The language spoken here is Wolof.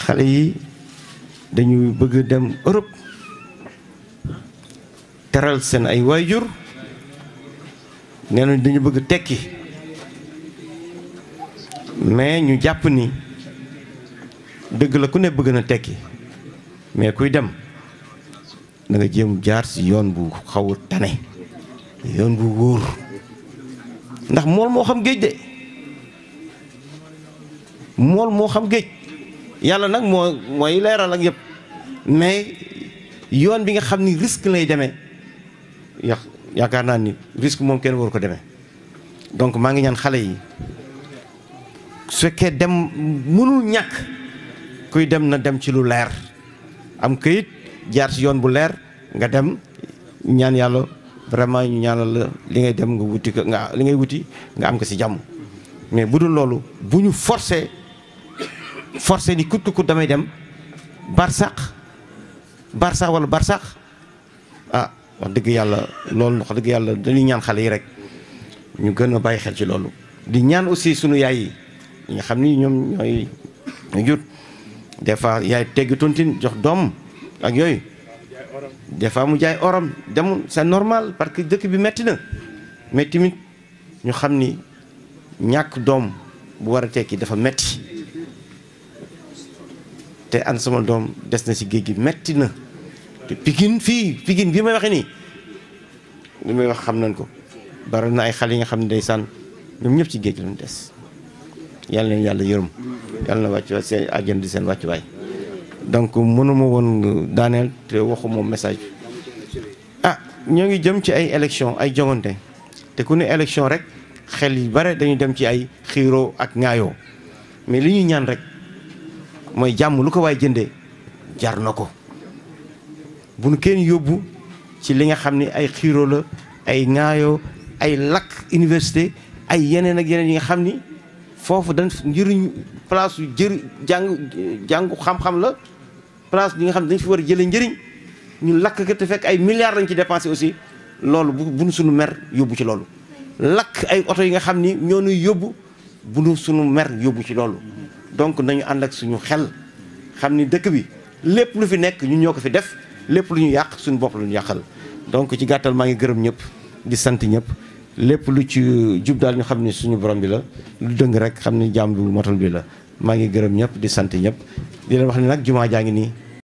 xale yi dañuy bëgg dem Europe teral seen ay waajur nee nañ dañu bëgg tekki mais ñu jàpp ni dëgg la ku ne bëgg na tekki mais kuy dem danga jéem jaar ci yoon bu xaw a tane yoon bu wóor ndax mool moo xam géej de mool moo xam géej yàlla nag moo mooy leeral ak yëpp mais yoon bi nga xam ni risque lay demee ya yaakaar naa ni risque moom kenn waru ko demee donc maa ngi ñaan xale yi su fekkee dem mënul ñàkk kuy dem na dem ci lu leer am këyit jaar ci yoon bu leer nga dem ñaan yàlla vraiment ñu ñaanal la li ngay dem nga wuti ko li ngay wuti nga am ko si jàmm mais bu dul loolu bu ñu forcé forcé ni kutu kut damay dem barsax barsa wala barsax ah wax dëgg yàlla loolu wax dëgg yàlla dañuy ñaan xale yi rek ñu gën a xel ci loolu di ñaan aussi sunu yaay yi nga xam ni ñoom ñooy jut des fois yaay tegg tontine jox doom ak yooyu des fois mu jaay oram demul c'est normal parce que dëkk bi metti na mais tamit ñu xam ni dom doom bu war a tekki dafa metti te an sama doom des na si géej gi metti na te Pikine fii Pikine bi may waxee nii li may wax xam nañ ko bari na ay xale yi nga xam ne day ndeysaan ñoom ñëpp ci géej lañ des yàlla leen yàlla yërëm yàlla na wàccuwaay seen àjjana di seen wàcc waay donc mënuma woon daaneel te waxuma message ah ñoo ngi jëm ci ay élection ay jongante te ku ne élection rek xel yi bare dañu dem ci ay xiiro ak ŋaayoo mais li ñuy ñaan rek mooy jàmm lu ko waay jëndee jar na ko bu nu kenn yóbbu ci li nga xam ni ay xiiro la ay ŋaayoo ay lakk université ay yeneen ak yeneen yi nga xam ni foofu dañ njëriñ place yu jër jàng jàngu xam-xam la place bi nga xam ne dañ fi war a jëlee njëriñ ñu lakk ko te fekk ay milliards lañ ci dépensé aussi loolu bu buñu sunu mer yóbbu ci loolu lakk ay oto yi nga xam ni ñoo ñuy yóbbu buñu sunu mer yóbbu ci loolu donc nañu ànd ak suñu xel xam ni dëkk bi lépp lu fi nekk ñu ñoo ko fi def lépp lu ñu yàq suñu bopp lu ñu yàqal donc ci gàttal maa ngi gërëm ñëpp di sant ñëpp lépp lu ci jub daal ñu xam ni suñu borom bi la lu dëng rek xam ni jaam bu motal bi la maa ngi gërëm ñëpp di sant ñëpp di leen wax ne nag jumaa jaa ngi nii